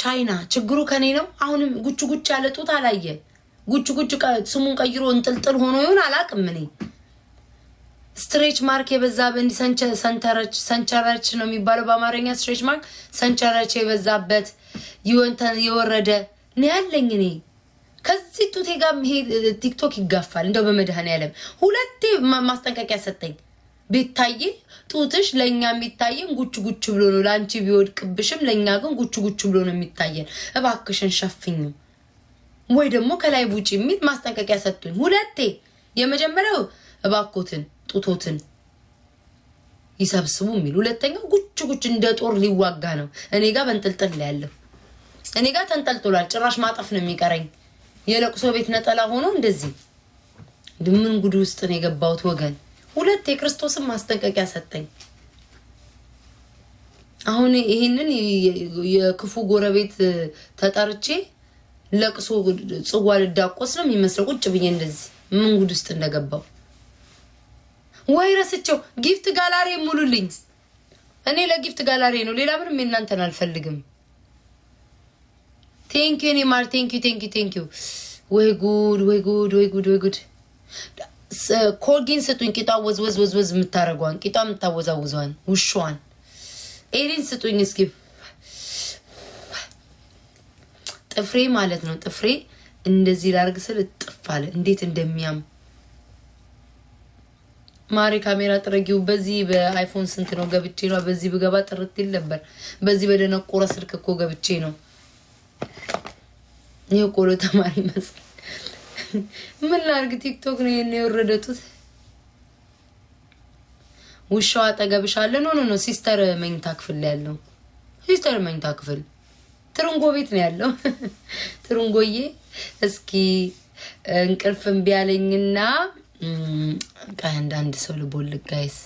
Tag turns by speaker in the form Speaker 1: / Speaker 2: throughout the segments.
Speaker 1: ቻይና ችግሩ ከኔ ነው። አሁንም ጉች ጉች ያለ ጡት አላየ ጉች ጉች ስሙን ቀይሮ እንጥልጥል ሆኖ ይሆን አላቅም። እኔ ስትሬች ማርክ የበዛበት ሰንቸረች ሰንቸረች ነው የሚባለው በአማርኛ ስትሬች ማርክ ሰንቸረች የበዛበት የወረደ ነው ያለኝ እኔ ከዚህ ጡቴ ጋር ቲክቶክ ይጋፋል። እንደው በመድኃኔዓለም ሁለቴ ማስጠንቀቂያ ሰጠኝ። ቤታዬ ጡትሽ ለእኛ የሚታየን ጉች ጉች ብሎ ነው። ለአንቺ ቢወድቅብሽም ለእኛ ግን ጉች ጉች ብሎ ነው የሚታየን። እባክሽን ሸፍኝ ወይ ደግሞ ከላይ ቡጭ የሚል ማስጠንቀቂያ ሰጡኝ ሁለቴ። የመጀመሪያው እባኮትን ጡቶትን ይሰብስቡ የሚል፣ ሁለተኛው ጉች ጉች እንደ ጦር ሊዋጋ ነው። እኔ ጋር በንጥልጥል ያለው እኔ ጋር ተንጠልጥሏል። ጭራሽ ማጠፍ ነው የሚቀረኝ። የለቅሶ ቤት ነጠላ ሆኖ እንደዚህ ድምን ጉድ ውስጥ ነው የገባሁት ወገን። ሁለት የክርስቶስን ማስጠንቀቂያ ሰጠኝ። አሁን ይህንን የክፉ ጎረቤት ተጠርቼ ለቅሶ ጽዋ ልዳቆስ ነው የሚመስለው። ቁጭ ብዬ እንደዚህ ምን ጉድ ውስጥ እንደገባው ወይ ረስቸው። ጊፍት ጋላሪ ሙሉልኝ። እኔ ለጊፍት ጋላሪ ነው፣ ሌላ ምንም የእናንተን አልፈልግም። ቴንኪዩ ኔማር ቴንኪዩ ቴንኪዩ ቴንኪዩ። ወይ ጉድ ወይ ጉድ ወይ ጉድ ወይ ጉድ ኮርጊን ስጡኝ፣ ቂጧ ወዝወዝ ወዝወዝ የምታደርጓን ቂጧ የምታወዛውዟን ውሻዋን ኤሪን ስጡኝ እስኪ። ጥፍሬ ማለት ነው ጥፍሬ እንደዚህ ላርግ ስል እጥፍ አለ። እንዴት እንደሚያም ማሪ ካሜራ ጥረጊው። በዚህ በአይፎን ስንት ነው ገብቼ ነው። በዚህ ብገባ ጥርት ይል ነበር። በዚህ በደነቆረ ስልክ እኮ ገብቼ ነው። ይህ ቆሎ ተማሪ መስል ምን ላድርግ? ቲክቶክ ነው ይሄን የወረደቱት። ውሻው አጠገብሽ አለ። ኖ ኖ ኖ፣ ሲስተር መኝታ ክፍል ያለው ሲስተር መኝታ ክፍል ትርንጎ ቤት ነው ያለው። ትርንጎዬ እስኪ እንቅልፍ እምቢ አለኝና አንዳንድ ሰው ልቦልግ ጋይስ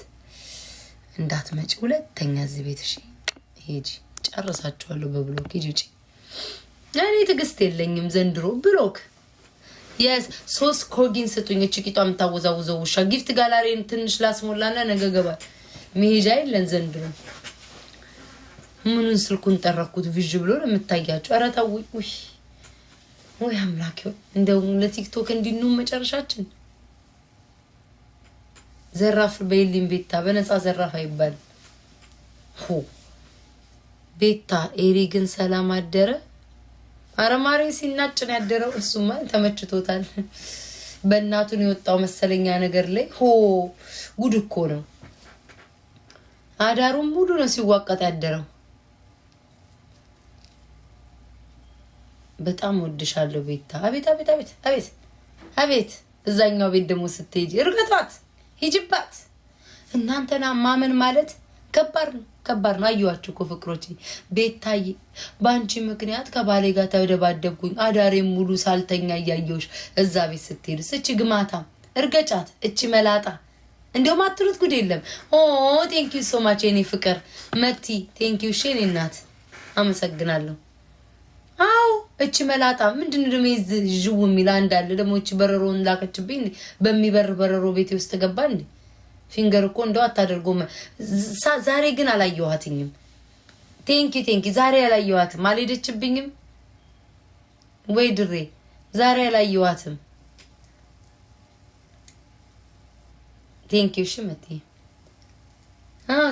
Speaker 1: እንዳትመጪ ሁለተኛ እዚህ ቤት እሺ። ሂጂ ጨርሳችኋለሁ። በብሎክ ሂጂ ውጪ። እኔ ትዕግስት የለኝም ዘንድሮ ብሎክ ሶስት ኮጊን ስጡኝ። እች የምታወዛውዘው ውሻ ጊፍት ጋላሪን ትንሽ ላስሞላና ነገ ገባል። መሄጃ የለን ዘንድ ነው። ምኑን ስልኩን ጠረኩት ቪዥ ብሎ ነው የምታያቸው። ኧረ ተው ውይ ወይ አምላክ እንደው ለቲክቶክ እንዲኑ መጨረሻችን ዘራፍ በይልኝ ቤታ። በነፃ ዘራፍ አይባል። ሆ ቤታ ኤሪ ግን ሰላም አደረ። አረማሪ ሲናጭ ነው ያደረው። እሱማ ተመችቶታል። በእናቱን የወጣው መሰለኛ ነገር ላይ ሆ ጉድ እኮ ነው። አዳሩም ሙሉ ነው ሲዋቀጥ ያደረው። በጣም ወድሻለሁ ቤታ። አቤት አቤት አቤት አቤት አቤት። እዛኛው ቤት ደግሞ ስትሄጂ እርገቷት፣ ሂጅባት። እናንተና ማመን ማለት ከባድ ነው። ከባድ ነው። አየኋችሁ እኮ ፍቅሮች፣ ቤታይ በአንቺ ምክንያት ከባሌ ጋር ተደባደብኩኝ። አዳሬ ሙሉ ሳልተኛ እያየሁሽ እዛ ቤት ስትሄዱ ስች ግማታ እርገጫት እች መላጣ እንዲሁም አትሉት ጉድ የለም። ኦ ቴንኪዩ ሶማች የኔ ፍቅር መቲ ቴንኪዩ ሽ የኔ እናት አመሰግናለሁ። አዎ እች መላጣ ምንድን ድሜ ዥው የሚል አንዳለ ደግሞ እች በረሮን ላከችብኝ። በሚበር በረሮ ቤቴ ውስጥ ገባ እንዴ? ፊንገር እኮ እንደው አታደርጎም። ዛሬ ግን አላየኋትኝም። ቴንኪ ቴንኪ። ዛሬ አላየኋትም፣ አልሄደችብኝም ወይ ድሬ። ዛሬ አላየኋትም። ቴንኪ ሽመቴ።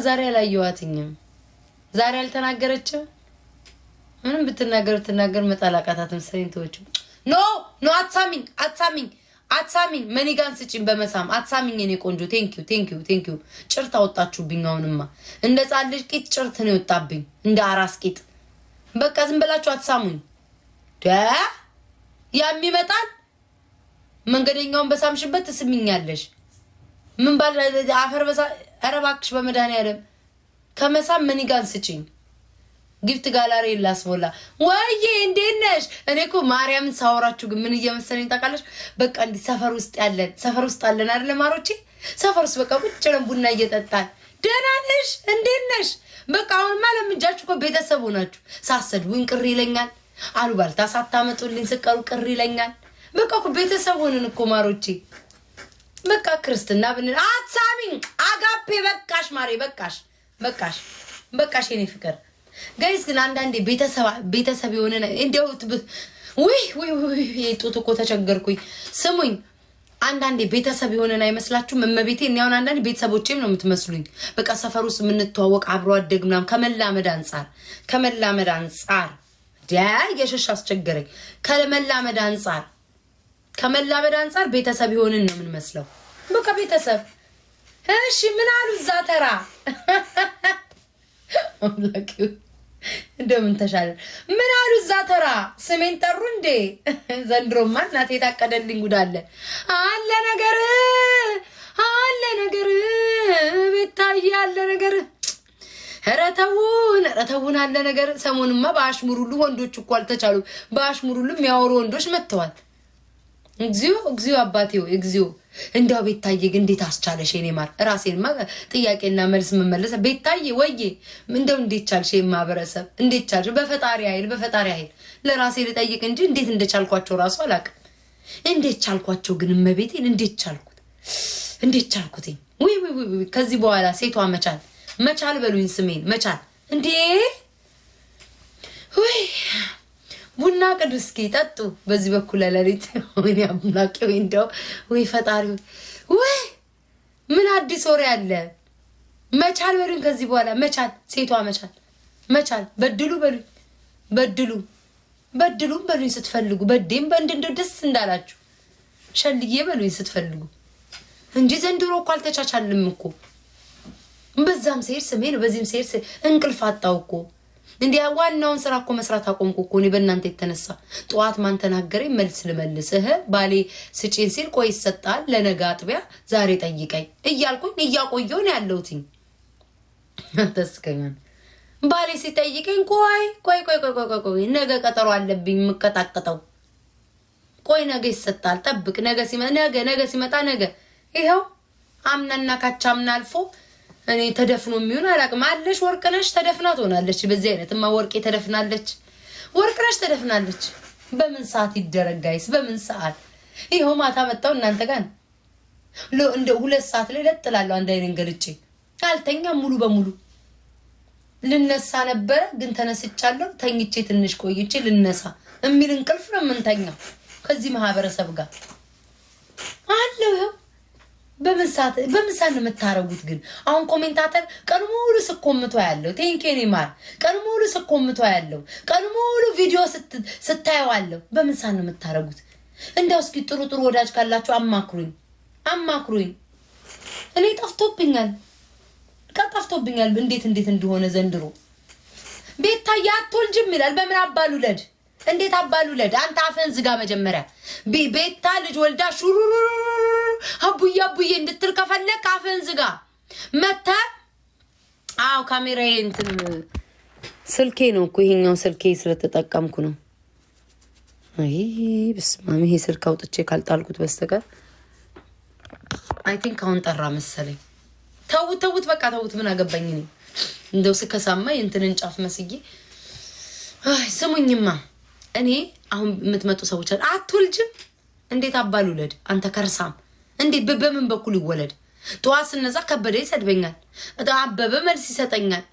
Speaker 1: ዛሬ አላየኋትኝም። ዛሬ አልተናገረችም። ምንም ብትናገር ብትናገር መጣላቃታትም አቃታትም። ሰሪንቶቹ ኖ ኖ አትሳሚኝ፣ አትሳሚኝ አትሳሚኝ መኒጋን ስጭን በመሳም አትሳሚኝ የኔ ቆንጆ ቴንኪዩ ቴንኪዩ ቴንኪዩ ጭርት አወጣችሁብኝ አሁንማ እንደ ጻልጅ ልጅ ቂጥ ጭርት ነው የወጣብኝ እንደ አራስ ቂጥ በቃ ዝም ብላችሁ አትሳሙኝ ያም ይመጣል መንገደኛውን በሳምሽበት ትስሚኛለሽ ምን ባል አፈር በሳ ኧረ እባክሽ በመድኃኒዓለም ከመሳም መኒጋን ስጭኝ። ግፍት ጋላሪ ላስሞላ ወይዬ፣ እንዴት ነሽ? እኔ እኮ ማርያምን ሳወራችሁ ግን ምን እየመሰለኝ ታውቃለች? በቃ እንዲህ ሰፈር ውስጥ ያለን ሰፈር ውስጥ አለን አይደለ? ማሮቼ ሰፈር ውስጥ በቃ ቁጭ ብለን ቡና እየጠጣን ደህና ነሽ? እንዴት ነሽ? በቃ አሁንማ ለምጃችሁ እኮ ቤተሰቡ ሳሰድ ሳሰድቡኝ ቅር ይለኛል። አሉባልታ ሳታመጡልኝ ስቀሩ ቅር ይለኛል። በቃ እኮ ቤተሰብ ሆንን እኮ ማሮቼ። በቃ ክርስትና ብንል አትሳቢኝ። አጋፔ በቃሽ፣ ማሬ በቃሽ፣ በቃሽ፣ በቃሽ የኔ ፍቅር ጋይስ ግን አንዳንዴ ቤተሰብ የሆነ እንዲያው ውይ ውይ ውይ ጡት እኮ ተቸገርኩኝ። ስሙኝ አንዳንዴ ቤተሰብ የሆነን አይመስላችሁም? እመቤቴ እኔ አሁን አንዳንዴ ቤተሰቦቼም ነው የምትመስሉኝ። በቃ ሰፈር ውስጥ የምንተዋወቅ አብሮ አደግ ምናምን ከመላመድ አንጻር ከመላመድ አንጻር ዲያ እየሸሽ አስቸገረኝ። ከመላመድ አንጻር ከመላመድ አንጻር ቤተሰብ የሆንን ነው የምንመስለው። በቃ ቤተሰብ እሺ ምን አሉ እዛ ተራ እንደምን ተሻለ? ምን አሉ? እዛ ተራ ስሜን ጠሩ እንዴ? ዘንድሮማ እናቴ የታቀደልኝ ጉዳለ አለ ነገር አለ ነገር ቤታዬ አለ ነገር ኧረ ተውን ኧረ ተውን አለ ነገር። ሰሞንማ በአሽሙር ሁሉ ወንዶች እኮ አልተቻሉ። በአሽሙር ሁሉ የሚያወሩ ወንዶች መጥተዋል። እግዚኦ እግዚኦ አባቴ ወይ እግዚኦ እንዲያው ቤታዬ እንዴት አስቻለሽ የኔ ማር ራሴንማ ጥያቄና መልስ የምመለሰ ቤታዬ ወዬ እንደው እንዴት ቻልሽ ማህበረሰብ እንዴት ቻልሽ በፈጣሪ ኃይል በፈጣሪ ኃይል ለራሴ ልጠይቅ እንጂ እንዴት እንደቻልኳቸው ራሱ አላውቅም እንዴት ቻልኳቸው ግን እመቤቴን እንዴት ቻልኩት እንዴት ቻልኩትኝ ውይ ውይ ከዚህ በኋላ ሴቷ መቻል መቻል በሉኝ ስሜን መቻል እንዴ ውይ ቡና ቅዱስ እስኪ ጠጡ። በዚህ በኩል ለሊት ወይ አምላኪ ወይ እንደው ወይ ፈጣሪ፣ ወይ ምን አዲስ ወሬ አለ? መቻል በሉኝ። ከዚህ በኋላ መቻል ሴቷ መቻል መቻል በድሉ በሉኝ፣ በድሉ በድሉም በሉኝ ስትፈልጉ፣ በዴም በእንድ እንደው ደስ እንዳላችሁ ሸልዬ በሉኝ ስትፈልጉ እንጂ ዘንድሮ እኮ አልተቻቻልም እኮ በዛም ስሄድ ስሜን በዚህም ስሄድ እንቅልፍ አጣው እኮ እንዲያ ዋናውን ስራ እኮ መስራት አቆምኩ እኮ እኔ በእናንተ የተነሳ። ጠዋት ማን ተናገረኝ መልስ ልመልስህ ባሌ ስጪን ሲል ቆይ ይሰጣል፣ ለነገ አጥቢያ ዛሬ ጠይቀኝ እያልኩኝ እያቆየውን ያለውትኝ ተስገኛል ባሌ ሲጠይቀኝ ቆይ ቆይ ቆይ ቆይ ቆይ ነገ ቀጠሮ አለብኝ የምቀጣቀጠው ቆይ ነገ ይሰጣል፣ ጠብቅ ነገ ነገ ነገ ሲመጣ ነገ ይኸው አምናና ካቻምና አልፎ እኔ ተደፍኖ የሚሆን አላውቅም። አለሽ ወርቅነሽ ተደፍና ትሆናለች። በዚህ ማ ወርቄ ተደፍናለች፣ ወርቅነሽ ተደፍናለች። በምን ሰዓት ይደረግ ጋይስ? በምን ሰዓት ይኸው ማታ መጣው እናንተ ጋር እንደ ሁለት ሰዓት ላይ ለጥላለሁ። አንድ አይነት ገልጬ አልተኛም ሙሉ በሙሉ ልነሳ ነበረ ግን ተነስቻለሁ። ተኝቼ ትንሽ ቆይቼ ልነሳ የሚል እንቅልፍ ነው የምንተኛው ከዚህ ማህበረሰብ ጋር አለው። በምን ሰዓት ነው የምታረጉት? ግን አሁን ኮሜንታተር ቀኑ ሙሉ ስኮምቶ ያለው ቴንኬን ኔማር ቀኑ ሙሉ ስኮምቶ ያለው ቀኑ ሙሉ ቪዲዮ ስታየዋለሁ። በምን ነው የምታረጉት? እንዲያው እስኪ ጥሩ ጥሩ ወዳጅ ካላችሁ አማክሩኝ፣ አማክሩኝ። እኔ ጠፍቶብኛል፣ ቃ ጠፍቶብኛል። እንዴት እንዴት እንደሆነ ዘንድሮ ቤታዬ አትወልጅም ይላል። በምን አባሉ ለድ እንዴት አባሉ ለድ አንተ አፈን ዝጋ መጀመሪያ። ቤታ ልጅ ወልዳ ሹሩሩ አቡዬ አቡዬ እንድትል ከፈለክ አፈን ዝጋ። መተ አው ካሜራ እንትን ስልኬ ነው እኮ ይሄኛው ስልኬ ስለተጠቀምኩ ነው። አይ በስመ ይሄ ስልክ አውጥቼ ካልጣልኩት በስተቀር አይ ቲንክ አሁን ጠራ መሰለኝ። ተውት ተውት፣ በቃ ተውት። ምን አገባኝ እኔ እንደው ስከሳማ የእንትንን ጫፍ መስዬ አይ ስሙኝማ እኔ አሁን የምትመጡ ሰዎች አትወልጅም፣ እንዴት አባል ውለድ አንተ ከርሳም፣ እንዴት በምን በኩል ይወለድ? ጠዋት ስነዛ ከበደ ይሰድበኛል፣ አበበ መልስ ይሰጠኛል፣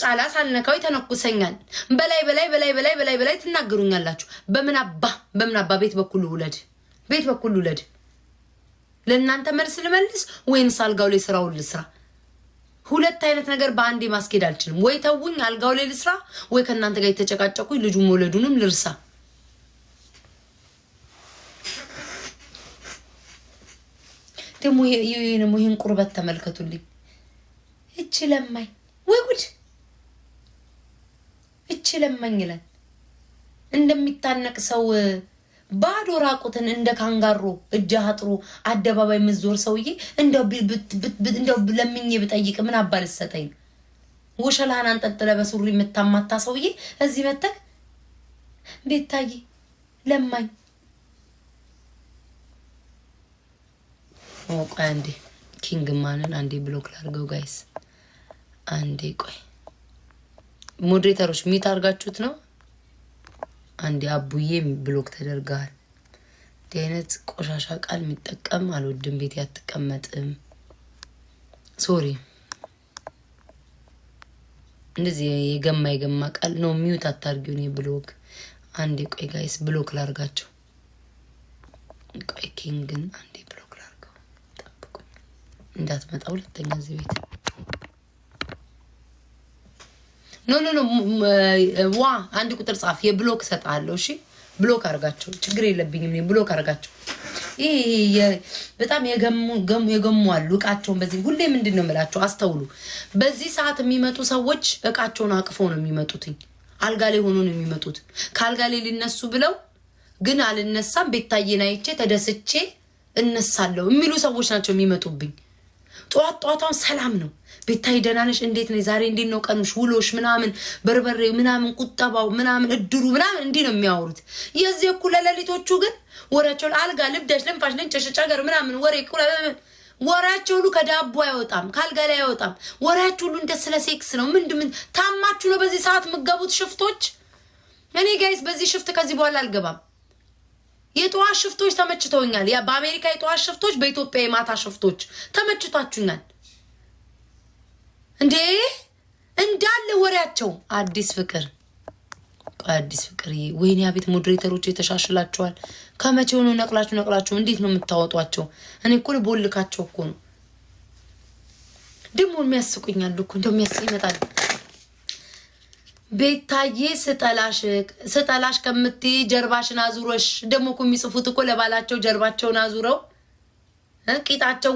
Speaker 1: ጫላ ሳልነካው ተነኩሰኛል። በላይ በላይ በላይ በላይ በላይ በላይ ትናገሩኛላችሁ። በምን አባ በምን አባ ቤት በኩል ውለድ? ቤት በኩል ውለድ? ለእናንተ መልስ ልመልስ ወይንስ አልጋው ላይ ስራውን ልስራ? ሁለት አይነት ነገር በአንዴ ማስኬድ አልችልም። ወይ ተውኝ፣ አልጋው ላይ ልስራ፣ ወይ ከእናንተ ጋር የተጨቃጨቁኝ ልጁ መውለዱንም ልርሳ። ደግሞ ይህን ቁርበት ተመልከቱልኝ። እች ለማኝ ወይ ጉድ! እች ለማኝ ይለን እንደሚታነቅ ሰው ባዶ ራቁትን እንደ ካንጋሮ እጅ አጥሮ አደባባይ ምዞር ሰውዬ እንደው ለምኜ ብጠይቅ ምን አባል ሰጠኝ? ወሸላህን አንጠልጥለ በሱሪ የምታማታ ሰውዬ እዚህ መተክ ታይ ለማኝ ቆይ አንዴ ኪንግ ማንን አንዴ ብሎክ ላርገው ጋይስ አንዴ ቆይ ሞዴሬተሮች ሚት አድርጋችሁት ነው። አንድ አቡዬ ብሎክ ተደርጋል። እንዲህ አይነት ቆሻሻ ቃል የሚጠቀም አልወድም። ቤት አትቀመጥም። ሶሪ እንደዚህ የገማ የገማ ቃል ነው። ሚዩት አታርጊውን። ብሎክ አንዴ ቆይ ጋይስ ብሎክ ላርጋቸው። ቆይ ኪንግን አንዴ ብሎክ ላርገው። ጠብቁ እንዳትመጣ ሁለተኛ እዚህ ቤት ኖ ኖ ኖ ዋ አንድ ቁጥር ጻፍ። የብሎክ ሰጣለሁ። እሺ ብሎክ አርጋቸው። ችግር የለብኝም። ብሎክ አርጋቸው። ይሄ በጣም የገሙ አሉ። እቃቸውን በዚህ ሁሌ ምንድን ነው የምላቸው? አስተውሉ። በዚህ ሰዓት የሚመጡ ሰዎች እቃቸውን አቅፈው ነው የሚመጡት። አልጋ ላይ ሆኖ ነው የሚመጡት። ከአልጋ ላይ ሊነሱ ብለው ግን አልነሳም ቤታዬን አይቼ ተደስቼ እነሳለሁ የሚሉ ሰዎች ናቸው የሚመጡብኝ። ጠዋት ጠዋቷን ሰላም ነው። ቤታ ደናነሽ እንዴት ነው ዛሬ? እንዴት ነው ቀኑሽ? ውሎሽ ምናምን በርበሬው ምናምን ቁጠባው ምናምን እድሩ ምናምን እንዲህ ነው የሚያወሩት። የዚህ እኮ ለሌሊቶቹ ግን ወሬያቸውን አልጋ ልብዳሽ ልንፋሽ ልንጨሸጫገር ምናምን ወሬ ወሬያቸው ሁሉ ከዳቦ አይወጣም፣ ካልጋ ላይ አይወጣም። ወሬያቸው ሁሉ እንደ ስለ ሴክስ ነው። ምንድን ምን ታማችሁ ነው በዚህ ሰዓት የምትገቡት ሽፍቶች? እኔ ጋይስ በዚህ ሽፍት ከዚህ በኋላ አልገባም። የጠዋት ሽፍቶች ተመችተውኛል። በአሜሪካ የጠዋት ሽፍቶች፣ በኢትዮጵያ የማታ ሽፍቶች ተመችቷችኛል። እንዴ? እንዳለ ወሬያቸው አዲስ ፍቅር አዲስ ፍቅር ወይኔ፣ አቤት ሞዴሬተሮች የተሻሽላቸዋል። ከመቼ ሆኖ ነቅላችሁ ነቅላችሁ እንዴት ነው የምታወጧቸው? እኔ እኮ ቦልካቸው እኮ ነው ደግሞ የሚያስቁኛል እኮ እንደው የሚያስ ይመጣል ቤታዬ ስጠላሽ ስጠላሽ ከምትይ ጀርባሽን አዙረሽ። ደግሞ እኮ የሚጽፉት እኮ ለባላቸው ጀርባቸውን አዙረው ቂጣቸው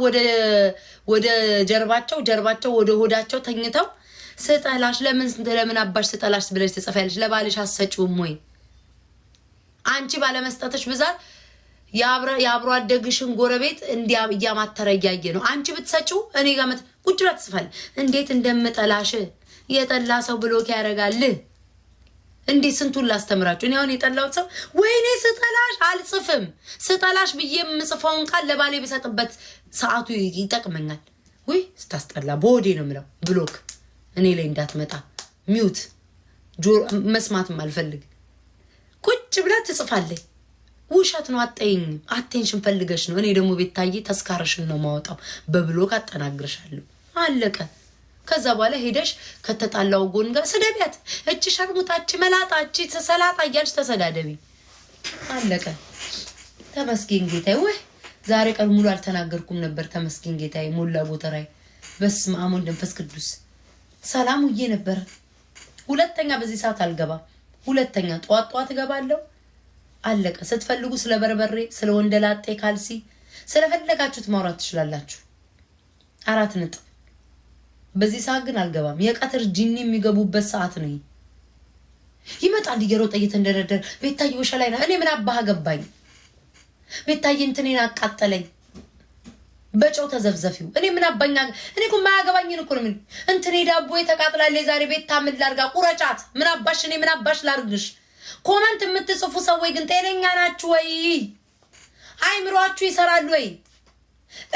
Speaker 1: ወደ ጀርባቸው ጀርባቸው ወደ ሆዳቸው ተኝተው ስጠላሽ፣ ለምን ለምን አባሽ ስጠላሽ ብለሽ ትጽፊያለሽ? ለባልሽ አሰጭውም ወይ አንቺ ባለመስጠትሽ ብዛት የአብሮ አደግሽን ጎረቤት እንዲያ እያማተረ እያየ ነው። አንቺ ብትሰጪው እኔ ጋር ቁጭ ብላ ትጽፋለች። እንዴት እንደምጠላሽ የጠላ ሰው ብሎክ ያደርጋል። እንዴት ስንቱን ላስተምራችሁ። እኔ አሁን የጠላሁት ሰው ወይኔ ስጠላሽ አልጽፍም፣ ስጠላሽ ብዬ የምጽፈውን ቃል ለባሌ ብሰጥበት ሰዓቱ ይጠቅመኛል። ውይ ስታስጠላ፣ በወዴ ነው የምለው። ብሎክ እኔ ላይ እንዳትመጣ ሚውት፣ መስማትም አልፈልግ። ቁጭ ብላ ትጽፋለች። ውሸት ነው፣ አጠይኝም አቴንሽን ፈልገሽ ነው። እኔ ደግሞ ቤታዬ ተስካርሽን ነው ማወጣው። በብሎክ አጠናግርሻለሁ። አለቀ። ከዛ በኋላ ሄደሽ ከተጣላው ጎን ጋር ስደቢያት። እች ሸርሙጣች፣ መላጣች፣ ሰላጣ እያልሽ ተሰዳደቢ። አለቀ። ተመስገን ጌታዬ። ወይ ዛሬ ቀን ሙሉ አልተናገርኩም ነበር። ተመስገን ጌታዬ ሞላ ጎተራይ። በስመ አብ ወወልድ ወመንፈስ ቅዱስ። ሰላም ውዬ ነበር። ሁለተኛ በዚህ ሰዓት አልገባም። ሁለተኛ ጠዋት ጠዋት እገባለሁ። አለቀ። ስትፈልጉ ስለ በርበሬ፣ ስለ ወንደላጤ ካልሲ፣ ስለፈለጋችሁት ማውራት ትችላላችሁ። አራት ነጥብ በዚህ ሰዓት ግን አልገባም። የቀትር ጂኒ የሚገቡበት ሰዓት ነው። ይመጣል እየሮጠ እየተንደረደረ ቤታዬ ወሻ ላይ ና። እኔ ምን አባህ ገባኝ። ቤታዬ እንትኔን አቃጠለኝ። በጨው ተዘፍዘፊው። እኔ ምን አባኝ። እኔ እኮ የማያገባኝን እኮ ነው። ምን እንትኔ ዳቦ የተቃጥላለ የዛሬ ቤታ ምን ላርጋ? ቁረጫት። ምን አባሽ እኔ ምን አባሽ ላርግሽ? ኮመንት የምትጽፉ ሰዎች ግን ጤነኛ ናችሁ ወይ? አይምሯችሁ ይሰራሉ ወይ?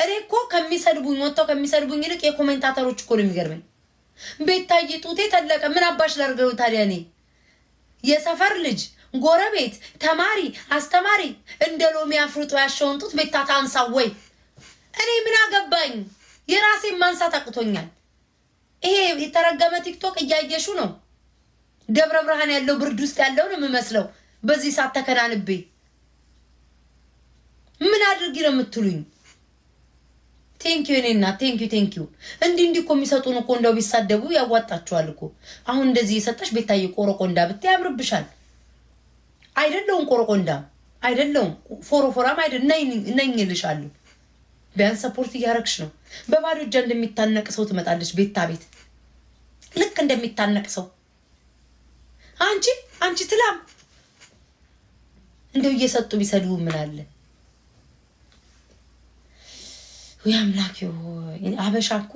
Speaker 1: እኔ እኮ ከሚሰድቡኝ ወጥተው ከሚሰድቡኝ ይልቅ የኮሜንታተሮች እኮ ነው የሚገርመኝ። ቤታዬ ጡቴ ተለቀ። ምን አባሽ ላርገው ታዲያ? እኔ የሰፈር ልጅ፣ ጎረቤት፣ ተማሪ፣ አስተማሪ እንደ ሎሚ አፍርጦ ያሸውን ጡት ቤታ ታንሳ ወይ? እኔ ምን አገባኝ? የራሴን ማንሳት አቅቶኛል። ይሄ የተረገመ ቲክቶክ እያየሹ ነው። ደብረ ብርሃን ያለው ብርድ ውስጥ ያለው ነው የምመስለው። በዚህ ሰዓት ተከናንቤ ምን አድርጊ ነው የምትሉኝ? ቴንኪዩ እኔና እናት ቴንኪዩ ቴንኪዩ። እንዲህ እንዲህ እኮ የሚሰጡን እኮ እንደው ቢሳደቡ ያዋጣችኋል እኮ። አሁን እንደዚህ የሰጠሽ ቤታዬ ቆረቆንዳ ብታይ ያምርብሻል። አይደለውም ቆረቆንዳ አይደለውም ፎሮፎራም አይደል ነኝ እልሻለሁ። ቢያንስ ሰፖርት እያረግሽ ነው። በባዶ እጃ እንደሚታነቅ ሰው ትመጣለች ቤታ ቤት ልክ እንደሚታነቅ ሰው አንቺ አንቺ ትላም እንደው እየሰጡ ቢሰድቡ ምን አለ? ወይ አምላክ አበሻ እኮ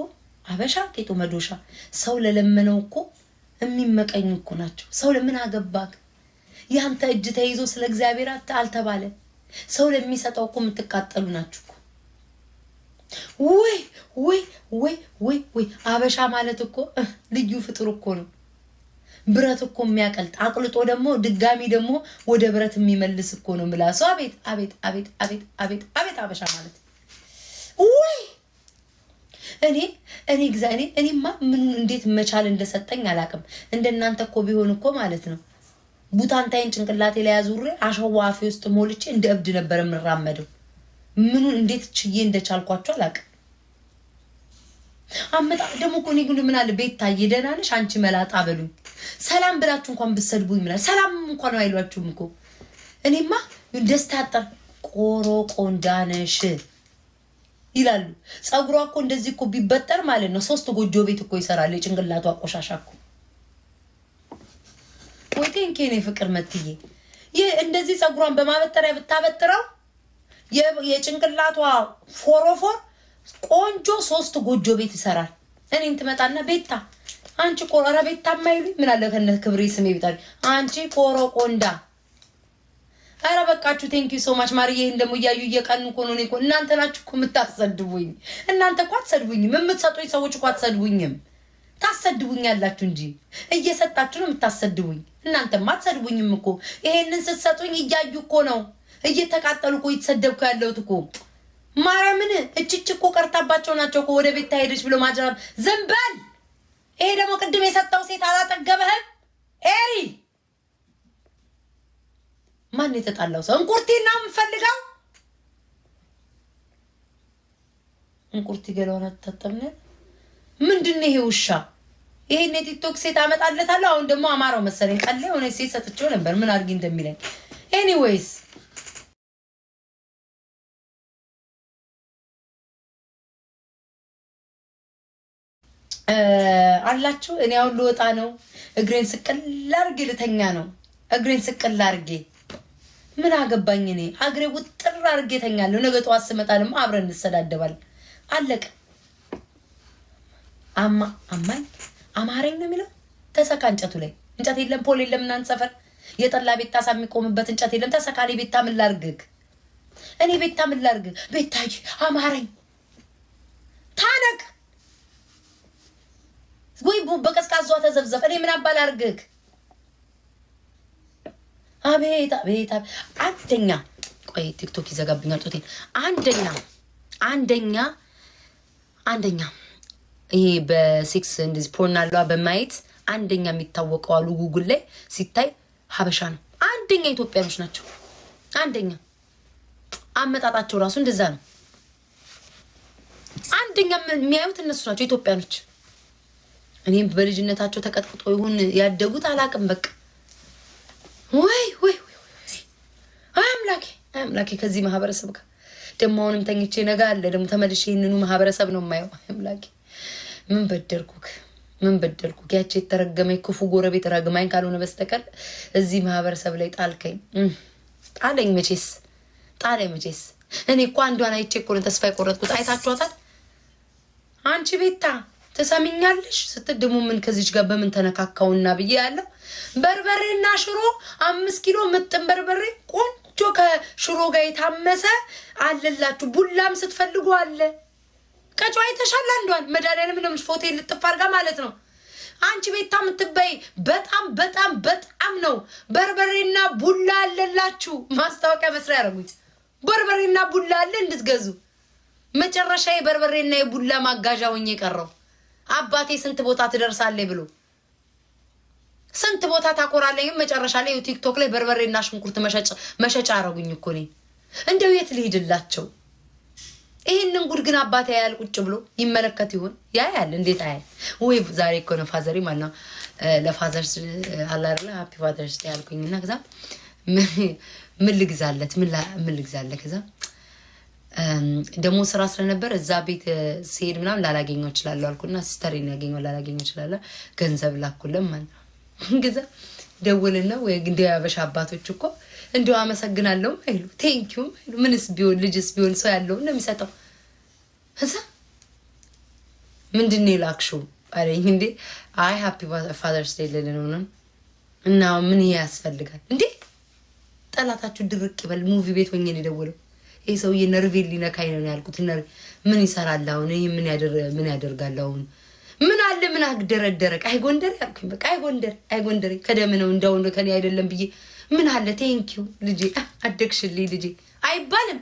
Speaker 1: አበሻ ቄጦ መዶሻ ሰው ለለመነው እኮ የሚመቀኝ እኮ ናቸው። ሰው ለምን አገባክ ያንተ እጅ ተይዞ ስለ እግዚአብሔር አልተባለ ሰው ለሚሰጠው እኮ የምትቃጠሉ ናችሁ እኮ። ወይ ወይ ወይ ወይ ወይ አበሻ ማለት እኮ ልዩ ፍጡር እኮ ነው። ብረት እኮ የሚያቀልጥ አቅልጦ ደግሞ ድጋሚ ደግሞ ወደ ብረት የሚመልስ እኮ ነው ምላሱ። አቤት አቤት አቤት አቤት አቤት አቤት አበሻ ማለት ወይ እኔ እኔ ግዛ እኔ እኔማ ምኑን እንዴት መቻል እንደሰጠኝ አላውቅም። እንደናንተ እኮ ቢሆን እኮ ማለት ነው ቡታንታይን ጭንቅላቴ ላይ አዙሬ አሸዋ አፌ ውስጥ ሞልቼ እንደ እብድ ነበር የምራመደው። ምኑን እንዴት ችዬ እንደቻልኳቸው አላውቅም። አመጣ ደግሞ እኮ እኔ ግን ምን አለ ቤት ታዬ ደህና ነሽ አንቺ መላጣ በሉኝ። ሰላም ብላችሁ እንኳን ብትሰድቡኝ ምን አለ ሰላም እንኳን አይሏችሁም እኮ እኔማ ደስታ ያጣ ቆሮ ቆንዳነሽ ይላሉ። ፀጉሯ እኮ እንደዚህ እኮ ቢበጠር ማለት ነው ሶስት ጎጆ ቤት እኮ ይሰራል። የጭንቅላቷ ቆሻሻ እኮ ወይ ቴንኬ ነው ፍቅር መትዬ። ይህ እንደዚህ ፀጉሯን በማበጠሪያ ብታበጥረው የጭንቅላቷ ፎሮፎር ቆንጆ ሶስት ጎጆ ቤት ይሰራል። እኔን ትመጣና ቤታ አንቺ ቆረረ ቤታ ማይሉ ምን አለ ከነ ክብሬ ስሜ ቤታ አንቺ ቆሮ ቆንዳ ኧረ በቃችሁ። ቴንኪ ሶ ማች ማሪ። ይሄን ደግሞ እያዩ እየቀኑ እኮ ነው። እኔ እኮ እናንተ ናችሁ እኮ የምታሰድቡኝ። እናንተ እኮ አትሰድቡኝም፣ የምትሰጡኝ ሰዎች እኮ አትሰድቡኝም። ታሰድቡኛላችሁ እንጂ እየሰጣችሁ ነው የምታሰድቡኝ። እናንተም አትሰድቡኝም እኮ ይሄንን ስትሰጡኝ እያዩ እኮ ነው እየተቃጠሉ እኮ እየተሰደብኩ ያለሁት እኮ ማርያምን እችች እኮ ቀርታባቸው ናቸው እኮ ወደ ቤት ታሄደች ብሎ ማጅራት ዝም በል። ይሄ ደግሞ ቅድም የሰጠው ሴት አላጠገበህም ኤሪ ማን የተጣላው ሰው እንቁርቲ ነው የምፈልገው። እንቁርቲ ገለሆነ አትታጠብነ። ምንድን ይሄ ውሻ? ይሄን የቲክቶክ ሴት አመጣለታለሁ። አሁን ደግሞ አማራው መሰለኝ ቀለ የሆነ ሴት ሰጥቼው ነበር ምን አድርጊ እንደሚለኝ። ኤኒዌይስ አላችሁ። እኔ አሁን ልወጣ ነው። እግሬን ስቅል አድርጌ ልተኛ ነው። እግሬን ስቅል አድርጌ ምን አገባኝ እኔ አግሬ ውጥር አድርጌ ተኛለሁ። ነገ ጠዋት ስመጣ ደግሞ አብረን እንሰዳደባል። አለቀ። አማ አማኝ አማረኝ ነው የሚለው ተሰካ እንጨቱ ላይ እንጨት የለም፣ ፖል የለም። እናንተ ሰፈር የጠላ ቤታ ሳሚቆምበት እንጨት የለም። ተሰካሌ ቤታ ምን ላርግግ እኔ ቤታ ምን ላርግ? ቤታይ አማረኝ ታነቅ ወይ በቀዝቃዟ ተዘብዘፍ እኔ ምን አባል አርግግ አቤት አቤት አንደኛ ቆይ ቲክቶክ ይዘጋብኛል ጦቴ አንደኛ አንደኛ አንደኛ ይሄ በሴክስ እንደዚህ ፖርናሏ አለዋ በማየት አንደኛ የሚታወቀው አሉ ጉጉል ላይ ሲታይ ሀበሻ ነው። አንደኛ ኢትዮጵያኖች ናቸው። አንደኛ አመጣጣቸው ራሱ እንደዛ ነው። አንደኛ የሚያዩት እነሱ ናቸው ኢትዮጵያኖች። እኔም በልጅነታቸው ተቀጥቅጦ ይሁን ያደጉት አላቅም በቃ ወይ ወይ አምላኬ አምላኬ ከዚህ ማህበረሰብ ጋር ደግሞ አሁንም ተኝቼ ነገ አለ ደግሞ ተመልሼ ይህንኑ ማህበረሰብ ነው የማየው። አምላኬ ምን በደልኩክ? ምን በደልኩ? ያቺ የተረገመኝ ክፉ ጎረቤት ረግማኝ ካልሆነ በስተቀር እዚህ ማህበረሰብ ላይ ጣልከኝ። ጣለኝ መቼስ ጣለኝ መቼስ። እኔ እኮ አንዷን አይቼ እኮ ነው ተስፋ የቆረጥኩት። አይታችኋታል አንቺ ቤታ ትሰሚኛለሽ ስትል ምን ከዚች ጋር በምን ተነካካውና ብዬ ያለው በርበሬና ሽሮ አምስት ኪሎ ምጥን በርበሬ ቆንጆ ከሽሮ ጋር የታመሰ አለላችሁ። ቡላም ስትፈልጉ አለ። ቀጫ አይተሻል። አንዷን መድኃኒዓለም ነው ፎቶ ልጥፍ አድርጋ ማለት ነው። አንቺ ቤታ የምትበይ በጣም በጣም በጣም ነው። በርበሬና ቡላ አለላችሁ። ማስታወቂያ መስሪያ ያደረጉት በርበሬና ቡላ አለ እንድትገዙ። መጨረሻ የበርበሬና የቡላ ማጋዣ ሆኜ የቀረው አባቴ ስንት ቦታ ትደርሳለህ ብሎ ስንት ቦታ ታኮራለህ። ግን መጨረሻ ላይ ቲክቶክ ላይ በርበሬና ሽንኩርት መሸጫ አረጉኝ እኮ እኔ። እንደው የት ልሂድላቸው? ይህንን ጉድ ግን አባቴ ያያል። ቁጭ ብሎ ይመለከት ይሆን? ያያል። እንዴት አያል? ወይ ዛሬ እኮ ነው ፋዘሪ ማለት ነው። ለፋዘርስ አላርለ ሀፒ ፋዘርስ ያልኩኝ እና ከዛ ምን ልግዛለት ምን ልግዛለ ከዛ ደግሞ ስራ ስለነበር እዛ ቤት ሲሄድ ምናምን ላላገኘው እችላለሁ አልኩና ሲስተር ያገኘው ላላገኘው እችላለሁ ገንዘብ ላኩልም ማለት ነው። ግዛ ደውልና ወይ እንደ ያበሻ አባቶች እኮ እንዲሁ አመሰግናለሁም አይሉ ቴንኪውም አይሉ ምንስ ቢሆን ልጅስ ቢሆን ሰው ያለው ነው የሚሰጠው። እዛ ምንድን ነው የላክሽው አለኝ። እንዴ አይ ሀፒ ፋዘርስ ዴይ ልልነውነን እና ምን ይሄ ያስፈልጋል እንዴ? ጠላታችሁ ድርቅ ይበል። ሙቪ ቤት ወኘን የደወለው ይህ ሰውዬ ነርቬን ሊነካኝ ነው ያልኩት። ምን ይሰራል አሁን? ይህ ምን ያደርጋል አሁን? ምን አለ ምን አግደረደረ አይ ጎንደር ያልኩኝ በቃ አይ ጎንደር አይ ጎንደር ከደም ነው እንዳው ከኔ አይደለም ብዬ ምን አለ ቴንኪው ልጄ አደግሽልኝ ልጄ አይባልም።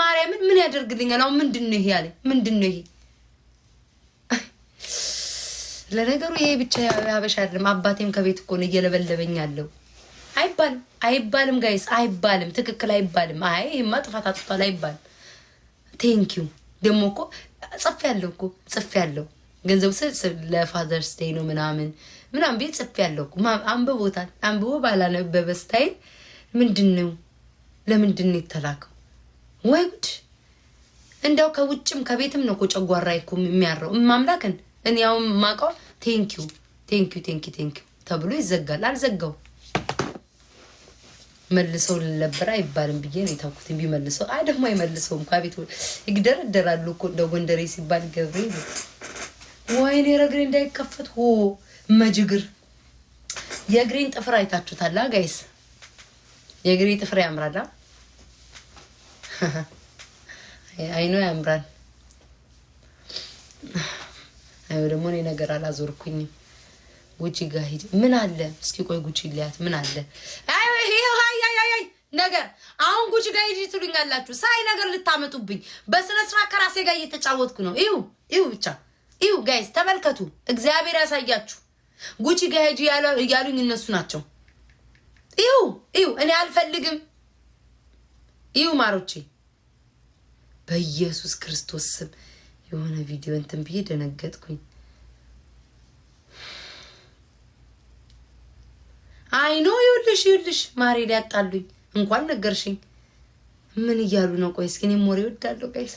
Speaker 1: ማርያምን ምን ያደርግልኛል አሁን? ምንድን ነው ይሄ አለ ምንድን ነው ይሄ? ለነገሩ ይሄ ብቻ ያበሻ አይደለም። አባቴም ከቤት እኮ ነው እየለበለበኝ ያለው አይባልም፣ አይባልም ጋይስ አይባልም። ትክክል አይባልም። አይ ይሄማ ጥፋት አጥፍቷል አይባልም። ቴንኪዩ ደግሞ እኮ ጽፍ ያለው እኮ ጽፍ ያለው ገንዘብ ስል ለፋዘርስ ዴይ ነው ምናምን ምናምን ቤት ጽፍ ያለው እኮ አንብቦታል። አንብቦ ባላነበበ ስታይል ምንድን ነው ለምንድን ነው የተላከው? ወይ ጉድ! እንዲያው ከውጭም ከቤትም ነው እኮ ጨጓራ እኮ የሚያረው። ማምላክን እኔ ያው ማውቀው ቴንኪዩ ቴንኪዩ ቴንኪዩ ቴንኪዩ ተብሎ ይዘጋል። አልዘጋው መልሰው ልነበረ አይባልም ብዬ ነው የታኩት። ቢመልሰው አይ ደግሞ አይመልሰውም። ከቤት ይግደረደራሉ እኮ እንደ ጎንደሬ ሲባል ገብሬ ወይኔ ረግሬ እንዳይከፈት ሆ መጅግር የእግሬን ጥፍር አይታችሁታላ ጋይስ? የእግሬ ጥፍር ያምራላ። አይኖ ያምራል። አይ ደግሞ እኔ ነገር አላዞርኩኝም። ጉቺ ጋር ሂድ ምን አለ እስኪ ቆይ ጉቺ ሊያት ምን አለ አ ነገር አሁን ጉቺ ጋር ሂጂ ትሉኛላችሁ። ሳይ ነገር ልታመጡብኝ በስነ ስርዓት ከራሴ ጋር እየተጫወትኩ ነው። ይሁ ይሁ ብቻ ይሁ ጋይስ ተመልከቱ። እግዚአብሔር ያሳያችሁ። ጉቺ ጋር ሂጂ እያሉኝ እነሱ ናቸው። ይሁ ይሁ እኔ አልፈልግም። ይሁ ማሮቼ፣ በኢየሱስ ክርስቶስ ስም የሆነ ቪዲዮ እንትን ብዬ ደነገጥኩኝ። አይኖ ይውልሽ ይውልሽ ማሬ ሊያጣሉኝ እንኳን ነገርሽኝ። ምን እያሉ ነው? ቆይ እስኪ እኔም ወሬ እወዳለሁ ጋይስ።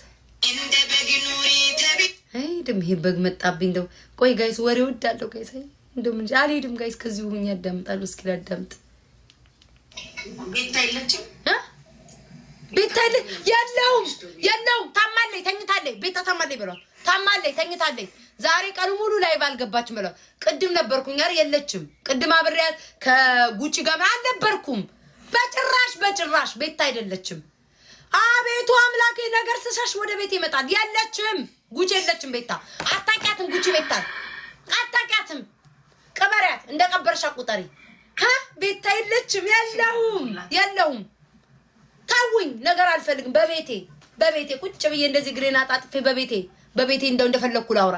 Speaker 1: አይሄድም ይሄ በግ መጣብኝ። እንደው ቆይ ጋይስ ወሬ እወዳለሁ ጋይስ። እንደው ምን አልሄድም ጋይስ፣ ከዚህ ሁኝ ያዳምጣሉ። እስኪ ላዳምጥ። ቤት አይለችም ቤት አይለ የለውም የለውም። ታማለይ ተኝታለይ። ቤታ ታማለይ ብሏል። ታማለይ ተኝታለይ። ዛሬ ቀኑ ሙሉ ላይቭ አልገባችም ብሏል። ቅድም ነበርኩኝ አይደል? የለችም። ቅድም አብሬያት ከጉጭ ጋር አልነበርኩም። በጭራሽ በጭራሽ ቤት አይደለችም። አቤቱ አምላኬ ነገር ስሸሽ ወደ ቤት ይመጣል። የለችም ጉቺ የለችም። ቤታ አታውቂያትም። ጉቺ ቤታ አታውቂያትም። ቅበሪያት እንደ ቀበርሻ ቁጠሪ። ቤታ የለችም። የለሁም የለሁም። ታውኝ ነገር አልፈልግም። በቤቴ በቤቴ ቁጭ ብዬ እንደዚህ ግሬና ጣጥፌ በቤቴ በቤቴ እንደው እንደፈለግኩ ላውራ።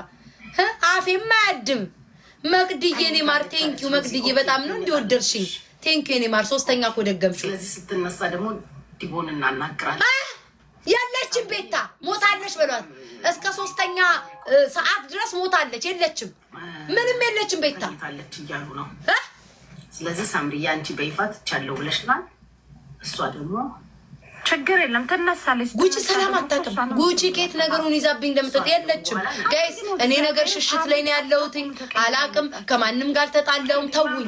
Speaker 1: አፌም አያድም። መቅድዬ እኔ ማር ቴንኪው መቅድዬ፣ በጣም ነው እንዲወደድሽኝ ቴንክ ኔ ማር ሶስተኛ እኮ ደገምሽው።
Speaker 2: ስለዚህ ስትነሳ ደግሞ ዲቦን እናናግራለን።
Speaker 1: የለችም ቤታ ሞታለች በሏት። እስከ ሶስተኛ ሰዓት ድረስ ሞታለች። የለችም ምንም የለችም ቤታ
Speaker 2: ታለች እያሉ ነው። ስለዚህ ሳምሪያ አንቺ በይፋ ትቻለው ብለሽናል። እሷ ደግሞ
Speaker 1: ችግር የለም ትነሳለች። ጉጪ ሰላም አታውቅም። ጉጪ ኬት ነገሩን ይዛብኝ እንደምትወጥ የለችም። ጋይስ እኔ ነገር ሽሽት ላይ ነው ያለሁት። አላውቅም፣ ከማንም ጋር ተጣለውም። ተውኝ።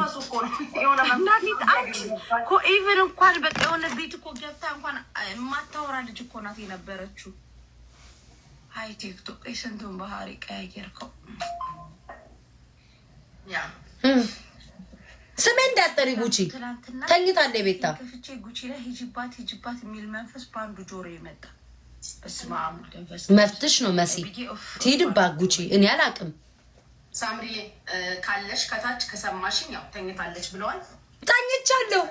Speaker 1: ኢቨን እንኳን በቃ የሆነ ቤት እኮ ገብታ እንኳን የማታወራ ልጅ እኮ ናት የነበረችው። ሀይ ቲክቶክ የስንቱን ባህሪ ቀያየርከው። ስሜ እንዳጠሪ ጉቺ ተኝታለ ቤታ ከፍቼ ጉቺ ላይ ሂጅባት ሂጅባት የሚል መንፈስ በአንዱ ጆሮ መፍትሽ ነው መሲ ትሂድባ ጉቺ እኔ አላቅም።
Speaker 2: ሳምሪ ካለሽ ከታች ከሰማሽኝ ያው ተኝታለች ብለዋል።
Speaker 1: ተኝቻለሁ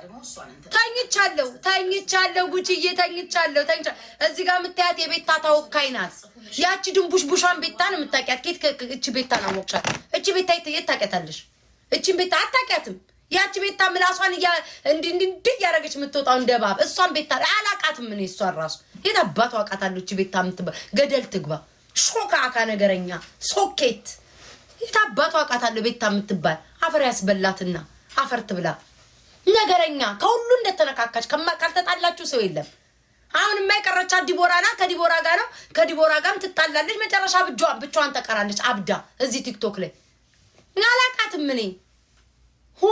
Speaker 1: ተኝቻለሁ ተኝቻለሁ ጉቺዬ ተኝቻለሁ ተኝቻለሁ። እዚህ ጋር የምታያት የቤታ ታወካይ ናት። ያቺ ድንቡሽ ቤታ ነው የምታውቂያት ኬት እቺ ነው አወቅሻት። እቺ ቤታ የት ታውቂያታለሽ? እቺን ቤታ አታውቂያትም። ያቺ ቤታ ምላሷን እንዲንድ እያደረገች የምትወጣው እንደ እባብ እሷን ቤታ አላቃት። ምን እሷን ራሱ የት አባቷ አውቃታለሁ። ቤታ የምትባ ገደል ትግባ። ሾካ አካ ነገረኛ ሶኬት የት አባቷ አውቃታለሁ። ቤታ የምትባል አፈር ያስበላትና አፈር ትብላ። ነገረኛ ከሁሉ እንደተነካካች ካልተጣላችሁ ሰው የለም። አሁን የማይቀረቻት ዲቦራ ና ከዲቦራ ጋር ነው ከዲቦራ ጋርም ትጣላለች። መጨረሻ ብቻዋን ተቀራለች አብዳ እዚህ ቲክቶክ ላይ አላቃትም እኔ ሆ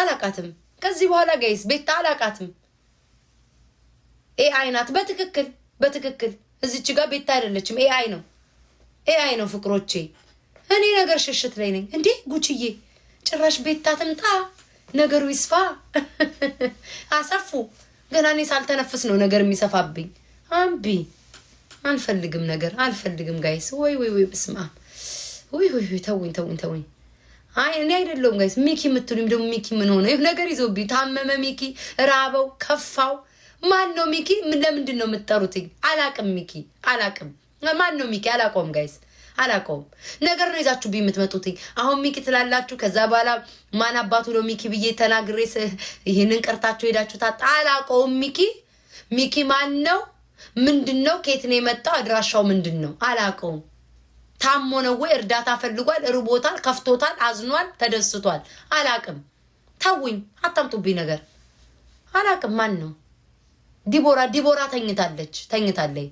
Speaker 1: አላቃትም። ከዚህ በኋላ ጋይስ ቤታ አላቃትም። ኤአይ ናት። በትክክል በትክክል እዚች ጋር ቤታ አይደለችም፣ ኤአይ ነው ኤአይ ነው ፍቅሮቼ። እኔ ነገር ሽሽት ላይ ነኝ እንዴ ጉችዬ። ጭራሽ ቤታ ትምጣ ነገሩ ይስፋ። አሰፉ ገና እኔ ሳልተነፍስ ነው ነገር የሚሰፋብኝ። አምቢ አንፈልግም ነገር አልፈልግም ጋይስ። ወይ ወይ ወይ፣ ብስማ ወይ ወይ፣ ተውኝ ተውኝ ተውኝ። አይ እኔ አይደለሁም ጋይስ ሚኪ የምትሉኝ ደግሞ ሚኪ ምን ሆነ ነገር ይዞብኝ ታመመ ሚኪ ራበው ከፋው ማን ነው ሚኪ ለምንድን ነው የምትጠሩትኝ አላቅም ሚኪ አላቅም ማን ነው ሚኪ አላቀውም ጋይስ አላቀውም ነገር ነው ይዛችሁብኝ የምትመጡትኝ አሁን ሚኪ ትላላችሁ ከዛ በኋላ ማን አባቱ ነው ሚኪ ብዬ ተናግሬ ይህንን ቀርታችሁ ሄዳችሁ ታ አላቀውም ሚኪ ሚኪ ማን ነው ምንድን ነው ከየት ነው የመጣው አድራሻው ምንድን ነው አላቀውም ታሞ ነው ወይ እርዳታ ፈልጓል? ርቦታል፣ ከፍቶታል፣ አዝኗል፣ ተደስቷል። አላቅም። ተውኝ፣ አታምጡብኝ ነገር አላቅም። ማን ነው ዲቦራ? ዲቦራ ተኝታለች፣ ተኝታለይ፣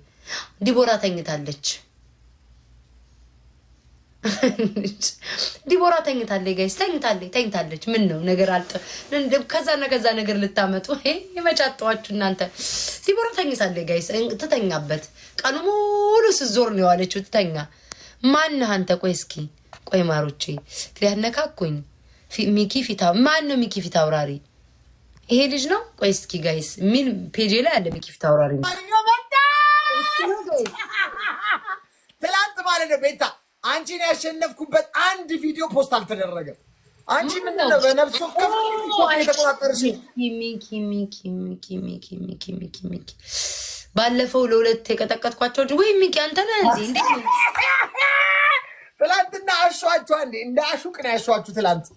Speaker 1: ዲቦራ ተኝታለች፣ ዲቦራ ተኝታለይ፣ ጋይስ ተኝታለይ፣ ተኝታለች። ምን ነው ነገር አልጥ ከዛና ከዛ ነገር ልታመጡ የመጫጠዋችሁ እናንተ። ዲቦራ ተኝታለይ ጋይስ፣ ትተኛበት። ቀኑ ሙሉ ስዞር ነው የዋለችው፣ ትተኛ ማነህ አንተ? ቆይ እስኪ ቆይ ማሮቼ ሊያነካኩኝ ሚኪ ፊታ ማን ነው? ሚኪ ፊት አውራሪ ይሄ ልጅ ነው። ቆይ እስኪ ጋይስ ሚል ፔጄ ላይ አለ ሚኪ ፊት አውራሪ ትላንት ማለት ነው ቤታ አንቺን ያሸነፍኩበት አንድ ቪዲዮ ፖስት አልተደረገም። አንቺ ምንድን ነው በነፍስ ወከፍ የተቆጣጠርሽ? ሚኪ ሚኪ ሚኪ ሚኪ ሚኪ ሚኪ ባለፈው ለሁለት የቀጠቀጥኳቸው ወይ ሚኪ አንተ ነህ እንዴ? እንዴ ትላንትና አሸዋችኋል እንደ አሹቅ ነው ያሸዋችሁ ትላንት